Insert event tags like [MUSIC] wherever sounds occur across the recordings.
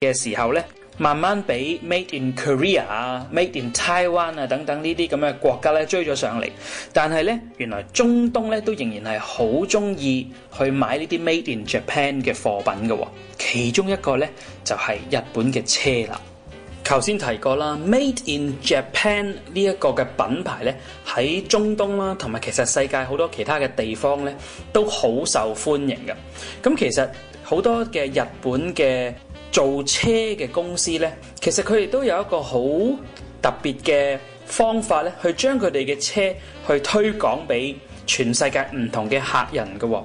嘅時候咧，慢慢俾 Made in Korea、啊、Made in Taiwan 啊等等呢啲咁嘅國家咧追咗上嚟，但係咧原來中東咧都仍然係好中意去買呢啲 Made in Japan 嘅貨品嘅、哦。其中一個咧就係、是、日本嘅車啦。頭先提過啦，Made in Japan 呢一個嘅品牌咧喺中東啦、啊，同埋其實世界好多其他嘅地方咧都好受歡迎嘅。咁其實好多嘅日本嘅。做車嘅公司呢，其實佢哋都有一個好特別嘅方法呢，去將佢哋嘅車去推廣俾全世界唔同嘅客人嘅、哦。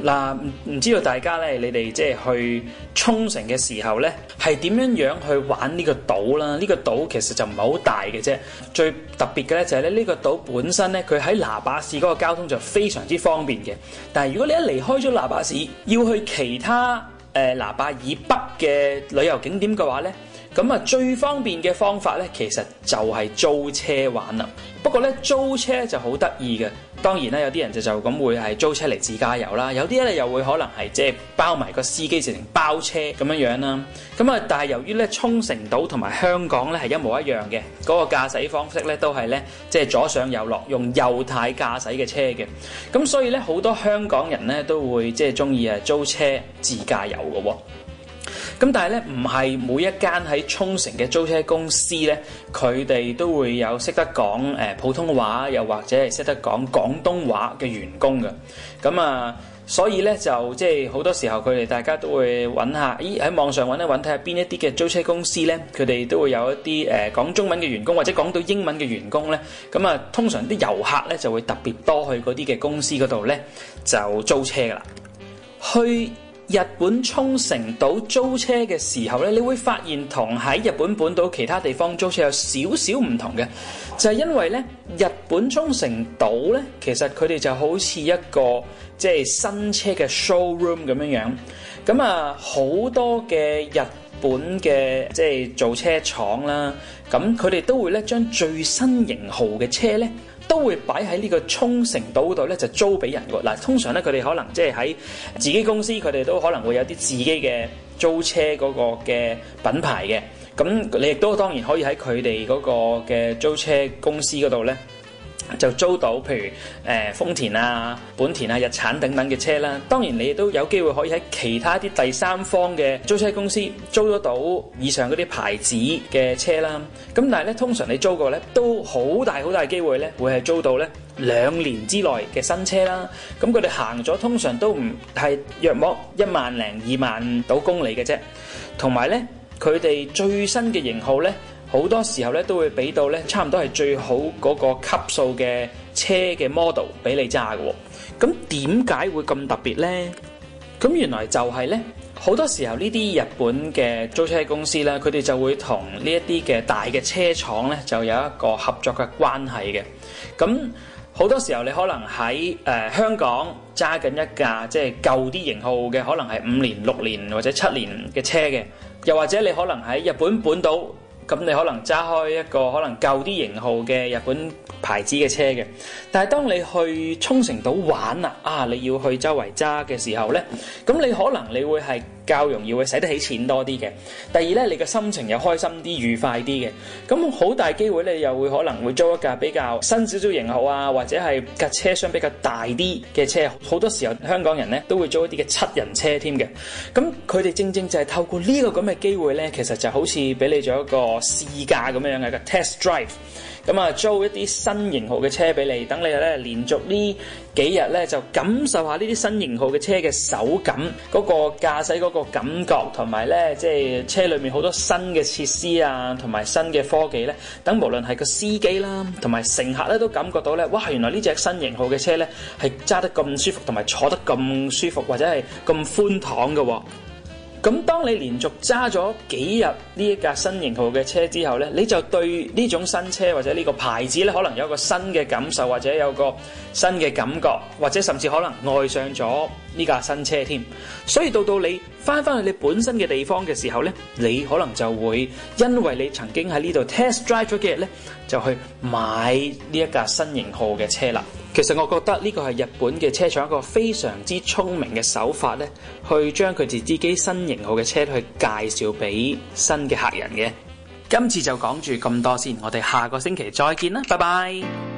嗱、嗯，唔知道大家呢，你哋即係去沖繩嘅時候呢，係點樣樣去玩呢個島啦？呢、呢個島其實就唔係好大嘅啫。最特別嘅呢，就係咧，呢個島本身呢，佢喺那霸市嗰個交通就非常之方便嘅。但係如果你一離開咗那霸市，要去其他誒，喇嘛以北嘅旅遊景點嘅話咧。咁啊，最方便嘅方法咧，其實就係租車玩啦。不過咧，租車就好得意嘅。當然啦，有啲人就就咁會係租車嚟自駕遊啦。有啲咧又會可能係即係包埋個司機直情包車咁樣樣啦。咁啊，但係由於咧沖繩島同埋香港咧係一模一樣嘅，嗰個駕駛方式咧都係咧即係左上右落，用右軚駕駛嘅車嘅。咁所以咧好多香港人咧都會即係中意啊租車自駕遊嘅咁但係咧，唔係每一間喺沖繩嘅租車公司咧，佢哋都會有識得講誒普通話，又或者係識得講廣東話嘅員工嘅。咁啊，所以咧就即係好多時候，佢哋大家都會揾下，咦喺網上揾一揾，睇下邊一啲嘅租車公司咧，佢哋都會有一啲誒、呃、講中文嘅員工，或者講到英文嘅員工咧。咁啊，通常啲遊客咧就會特別多去嗰啲嘅公司嗰度咧，就租車㗎喇，去日本沖繩島租車嘅時候咧，你會發現同喺日本本島其他地方租車有少少唔同嘅，就係因為咧日本沖繩島咧，其實佢哋就好似一個即係新車嘅 showroom 咁樣樣，咁啊好多嘅日本嘅即係做車廠啦，咁佢哋都會咧將最新型號嘅車咧，都會擺喺呢個沖繩島度咧，就租俾人㗎。嗱，通常咧佢哋可能即係喺自己公司，佢哋都可能會有啲自己嘅租車嗰個嘅品牌嘅。咁你亦都當然可以喺佢哋嗰個嘅租車公司嗰度咧。就租到，譬如誒、呃、豐田啊、本田啊、日產等等嘅車啦。當然你都有機會可以喺其他啲第三方嘅租車公司租得到以上嗰啲牌子嘅車啦。咁但係咧，通常你租過咧都好大好大機會咧，會係租到咧兩年之內嘅新車啦。咁佢哋行咗通常都唔係約莫一萬零二萬到公里嘅啫。同埋咧，佢哋最新嘅型號咧。好多時候咧，都會俾到咧，差唔多係最好嗰個級數嘅車嘅 model 俾你揸嘅。咁點解會咁特別呢？咁原來就係呢，好多時候呢啲日本嘅租車公司呢，佢哋就會同呢一啲嘅大嘅車廠呢，就有一個合作嘅關係嘅。咁好多時候你可能喺誒香港揸緊一架即係舊啲型號嘅，可能係五年、六年或者七年嘅車嘅，又或者你可能喺日本本島。咁你可能揸開,開一個可能舊啲型號嘅日本牌子嘅車嘅，但係當你去沖繩島玩啊，啊你要去周圍揸嘅時候咧，咁你可能你會係。比較容易會使得起錢多啲嘅。第二咧，你嘅心情又開心啲、愉快啲嘅。咁好大機會咧，你又會可能會租一架比較新少少型號啊，或者係架車廂比較大啲嘅車。好多時候香港人咧都會租一啲嘅七人車添嘅。咁佢哋正正就係透過呢個咁嘅機會咧，其實就好似俾你做一個試駕咁樣嘅一個 test drive。咁啊，租一啲新型號嘅車俾你，等你咧連續呢幾日咧就感受下呢啲新型號嘅車嘅手感，嗰個駕駛嗰個感覺，同埋咧即係車裏面好多新嘅設施啊，同埋新嘅科技咧，等無論係個司機啦，同埋乘客咧都感覺到咧，哇！原來呢隻新型號嘅車咧係揸得咁舒服，同埋坐得咁舒服，或者係咁寬敞嘅啊。咁當你連續揸咗幾日呢一架新型號嘅車之後呢，你就對呢種新車或者呢個牌子咧，可能有個新嘅感受，或者有個新嘅感覺，或者甚至可能愛上咗呢架新車添。所以到到你。翻翻去你本身嘅地方嘅時候呢，你可能就會因為你曾經喺呢度 test drive 咗幾日呢，就去買呢一架新型號嘅車啦。其實我覺得呢個係日本嘅車廠一個非常之聰明嘅手法呢，去將佢自己新型號嘅車去介紹俾新嘅客人嘅。今次就講住咁多先，我哋下個星期再見啦，拜拜。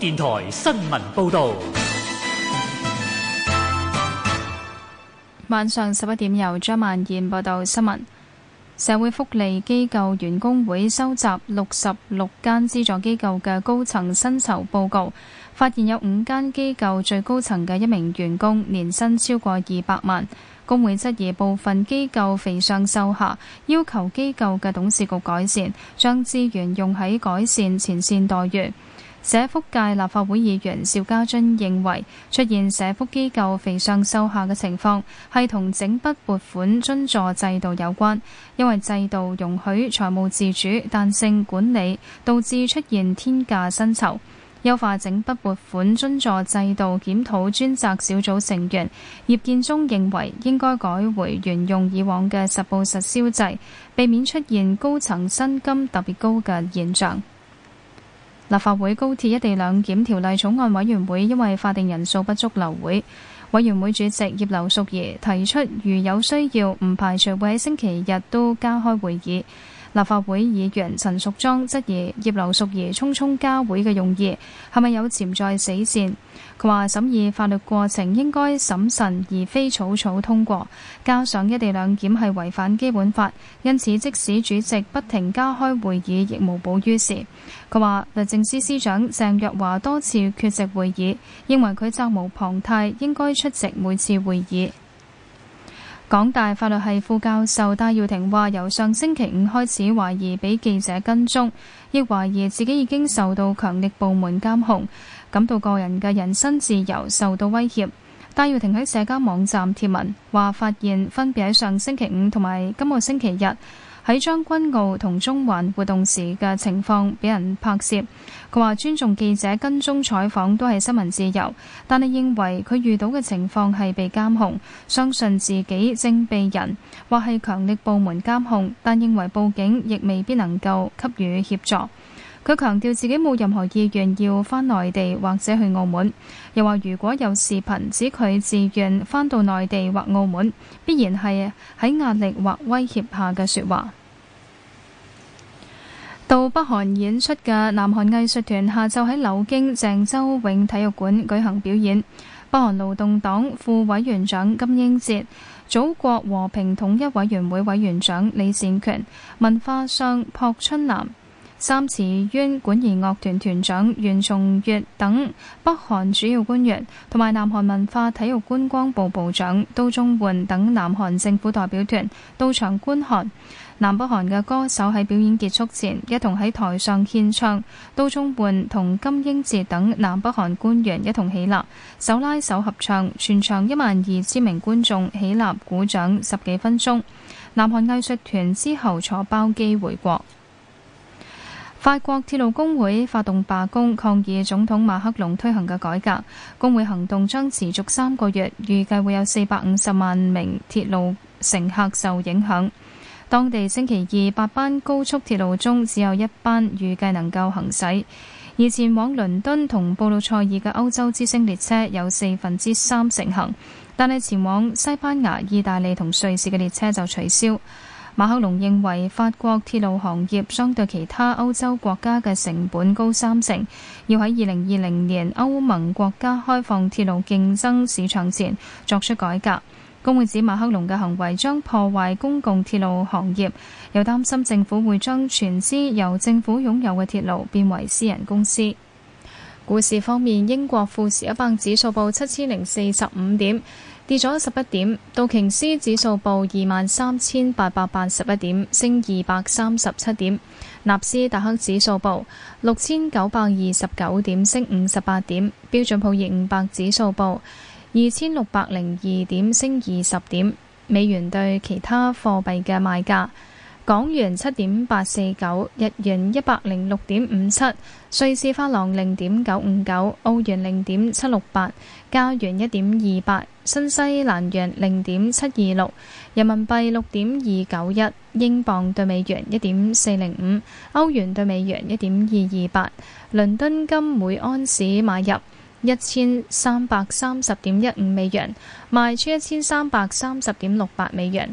電台新聞報道：晚上十一點，由張萬燕報道新聞。社會福利機構員工會收集六十六間資助機構嘅高層薪酬報告，發現有五間機構最高層嘅一名員工年薪超過二百萬。工會質疑部分機構肥上瘦下，要求機構嘅董事局改善，將資源用喺改善前線待遇。社福界立法會議員邵家臻認為，出現社福機構肥上瘦下嘅情況，係同整筆撥款津助制度有關，因為制度容許財務自主彈性管理，導致出現天價薪酬。優化整筆撥款津助制度檢討專責小組成員葉建忠認為，應該改回沿用以往嘅實報實銷制，避免出現高層薪金特別高嘅現象。立法會《高鐵一地兩檢條例》草案委員會因為法定人數不足留會，委員會主席葉劉淑儀提出，如有需要，唔排除會喺星期日都加開會議。立法會議員陳淑莊質疑葉劉淑儀匆匆加會嘅用意係咪有潛在死線？佢話審議法律過程應該審慎而非草草通過，加上一地兩檢係違反基本法，因此即使主席不停加開會議，亦無補於事。佢話律政司司長鄭若驊多次缺席會議，認為佢責無旁貸，應該出席每次會議。港大法律系副教授戴耀廷話：由上星期五開始懷疑俾記者跟蹤，亦懷疑自己已經受到強力部門監控，感到個人嘅人身自由受到威脅。戴耀廷喺社交網站貼文話：發現分別喺上星期五同埋今個星期日，喺將軍澳同中環活動時嘅情況俾人拍攝，佢話尊重記者跟蹤採訪都係新聞自由，但係認為佢遇到嘅情況係被監控，相信自己正被人或係強力部門監控，但認為報警亦未必能夠給予協助。佢強調自己冇任何意願要返內地或者去澳門，又話如果有視頻，指佢自願返到內地或澳門，必然係喺壓力或威脅下嘅說話。到北韓演出嘅南韓藝術團下晝喺柳京鄭州永體育館舉行表演。北韓勞動黨副委員長金英哲、祖國和平統一委員會委員長李善權、文化相朴春南、三池淵管弦樂團團長玄松月等北韓主要官員，同埋南韓文化體育觀光部部長都鍾煥等南韓政府代表團到場觀看。南北韓嘅歌手喺表演結束前，一同喺台上獻唱。都鍾煥同金英哲等南北韓官員一同起立，手拉手合唱。全場一萬二千名觀眾起立鼓掌十幾分鐘。南韓藝術團之後坐包機回國。法國鐵路工會發動罷工抗議總統馬克龍推行嘅改革，工會行動將持續三個月，預計會有四百五十萬名鐵路乘客受影響。當地星期二八班高速鐵路中只有一班預計能夠行駛，而前往倫敦同布魯塞爾嘅歐洲之星列車有四分之三成行，但係前往西班牙、意大利同瑞士嘅列車就取消。馬克龍認為法國鐵路行業相對其他歐洲國家嘅成本高三成，要喺二零二零年歐盟國家開放鐵路競爭市場前作出改革。工會指馬克龍嘅行為將破壞公共鐵路行業，又擔心政府會將全資由政府擁有嘅鐵路變為私人公司。股市方面，英國富時一百指數報七千零四十五點。跌咗十一點，道瓊斯指數報二萬三千八百八十一點，升二百三十七點；納斯達克指數報六千九百二十九點，升五十八點；標準普爾五百指數報二千六百零二點，升二十點。美元對其他貨幣嘅賣價。港元七點八四九，日元一百零六點五七，瑞士法郎零點九五九，澳元零點七六八，加元一點二八，新西蘭元零點七二六，人民幣六點二九一，英鎊對美元一點四零五，歐元對美元一點二二八，倫敦金每安士買入一千三百三十點一五美元，賣出一千三百三十點六八美元。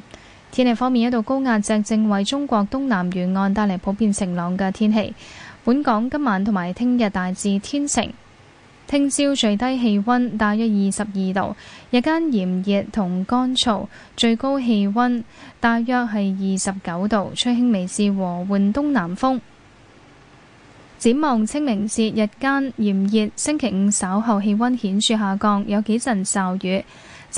天氣方面，一度高壓脊正為中國東南沿岸帶嚟普遍晴朗嘅天氣。本港今晚同埋聽日大致天晴，聽朝最低氣温大約二十二度，日間炎熱同乾燥，最高氣温大約係二十九度，吹輕微至和緩東南風。展望清明節日間炎熱，星期五稍後氣温顯著下降，有幾陣驟雨。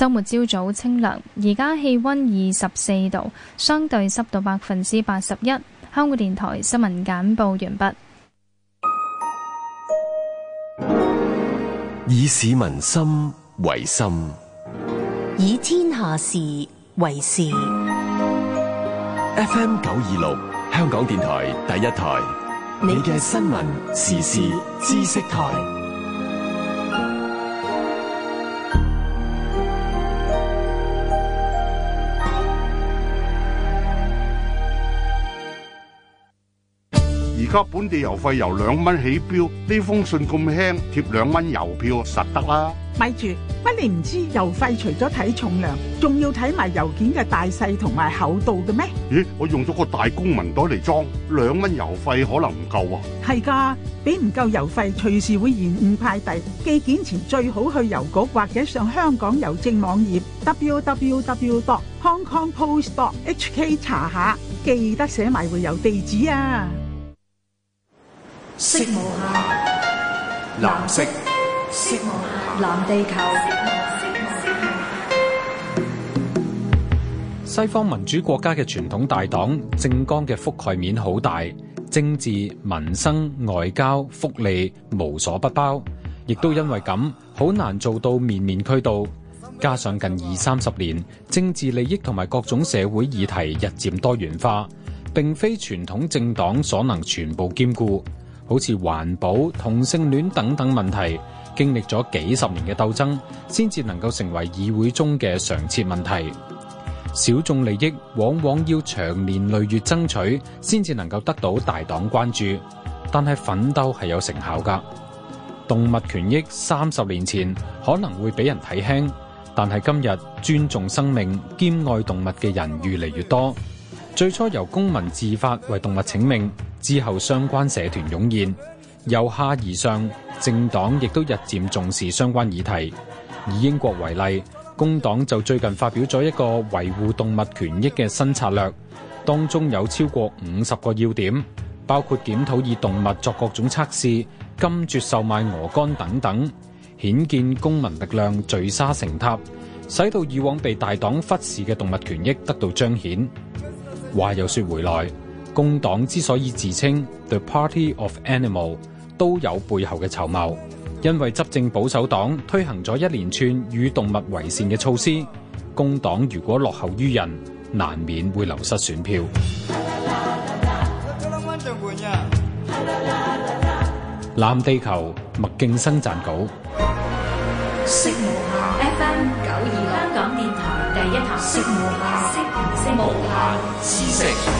周末朝早清涼，而家氣温二十四度，相對濕度百分之八十一。香港電台新聞簡報完畢。以市民心為心，以天下事為事。FM 九二六，香港電台第一台，你嘅新聞時事知識台。而家本地郵費由兩蚊起標，呢封信咁輕，貼兩蚊郵票實得啦。咪住，乜你唔知郵費除咗睇重量，仲要睇埋郵件嘅大細同埋厚度嘅咩？咦，我用咗個大公文袋嚟裝，兩蚊郵費可能唔夠啊。係噶，俾唔夠郵費，隨時會延誤派遞。寄件前最好去郵局或者上香港郵政網頁 w w w dot hong kong post dot h k 查下，記得寫埋回郵地址啊。色無限，藍色。色無限，藍地球。西方民主國家嘅傳統大黨政綱嘅覆蓋面好大，政治、民生、外交、福利無所不包，亦都因為咁，好難做到面面俱到。加上近二三十年政治利益同埋各種社會議題日漸多元化，並非傳統政黨所能全部兼顧。好似環保、同性戀等等問題，經歷咗幾十年嘅鬥爭，先至能夠成為議會中嘅常設問題。小眾利益往往要長年累月爭取，先至能夠得到大黨關注。但係奮鬥係有成效㗎。動物權益三十年前可能會俾人睇輕，但係今日尊重生命、兼愛動物嘅人越嚟越多。最初由公民自發為動物請命。之後相關社團湧現，由下而上，政黨亦都日漸重視相關議題。以英國為例，工黨就最近發表咗一個維護動物權益嘅新策略，當中有超過五十個要點，包括檢討以動物作各種測試、禁絕售賣鵝肝等等，顯見公民力量聚沙成塔，使到以往被大黨忽視嘅動物權益得到彰顯。話又說回來。工黨之所以自稱 The Party of Animal，都有背後嘅籌謀，因為執政保守黨推行咗一連串與動物為善嘅措施，工黨如果落後於人，難免會流失選票。 [MUSIC] 藍地球，麥敬生撰稿。識無限 FM 九二，香港電台第一台，識無限，識無限，知識。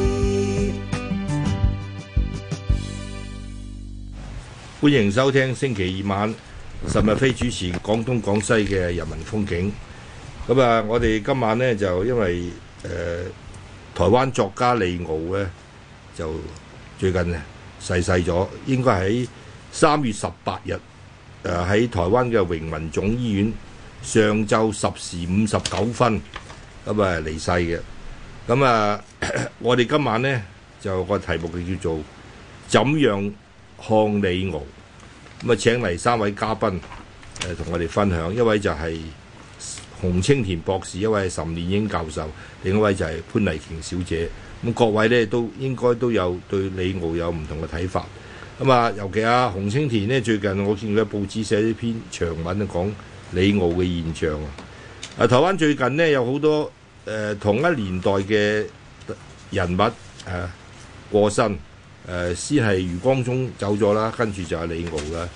歡迎收聽星期二晚，岑逸飛主持廣東廣西嘅《人民風景》。咁啊，我哋今晚呢，就因為誒、呃、台灣作家李敖呢就最近啊逝世咗，應該喺三月十八日誒喺、呃、台灣嘅榮民總醫院上晝十時五十九分咁啊離世嘅。咁啊、呃，我哋今晚呢，就個題目嘅叫做怎樣康李敖咁啊，請嚟三位嘉賓誒同我哋分享，一位就係洪清田博士，一位是岑練英教授，另一位就係潘麗瓊小姐。咁各位咧都應該都有對李敖有唔同嘅睇法。咁啊，尤其啊，洪清田咧最近我見佢報紙寫一篇長文啊，講李敖嘅現象啊。台灣最近咧有好多誒同一年代嘅人物誒過身。誒、呃、先係余光中走咗啦，跟住就係李敖啦。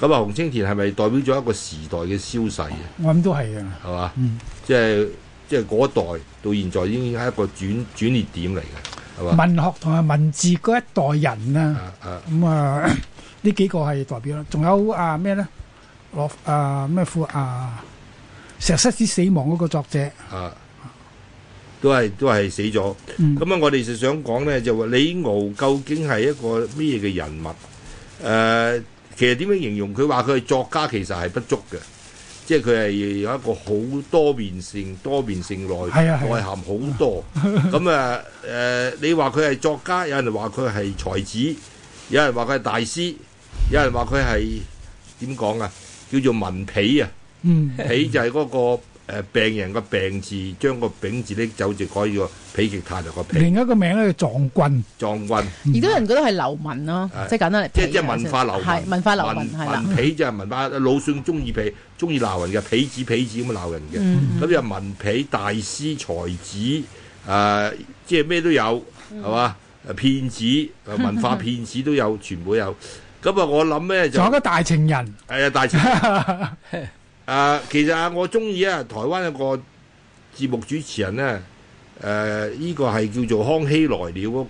咁、嗯、啊，洪清田係咪代表咗一個時代嘅消逝啊？我諗都係啊，係嘛吧、嗯？即係即係嗰一代到現在已經係一個轉轉捩點嚟嘅，係嘛？文學同埋文字嗰一代人啊，咁啊，呢、嗯呃、幾個係代表啦。仲有啊咩咧？羅啊咩富啊，啊副啊《石室之死亡》嗰個作者係。啊啊都係都係死咗，咁啊、嗯！我哋就想講呢，就話李敖究竟係一個咩嘅人物？誒、呃，其實點樣形容佢話佢係作家，其實係不足嘅，即係佢係有一個好多面性、多面性內內、啊啊、涵好多。咁啊誒、 [LAUGHS] 啊呃，你話佢係作家，有人話佢係才子，有人話佢係大師，有人話佢係點講啊？叫做文痞啊！痞、嗯、就係嗰、那個。誒，病人個病字，將個丙字拎走就改咗否極泰。就個另一個名咧，狀棍。狀棍，而啲人覺得係流氓咯，即係簡單嚟，即係即係文化流氓。文化流氓，文文痞即係文化。魯迅中意痞，中意鬧人嘅痞子、痞子咁樣鬧人嘅。咁又文痞、大師、才子，誒即係咩都有，係嘛？誒騙子、文化騙子都有，全部有。咁啊，我諗咧就。仲有個大情人。係啊，大情。啊、呃、其實啊，我中意啊，台灣有個節目主持人咧、啊，誒、呃、呢、這個係叫做康熙來了嗰。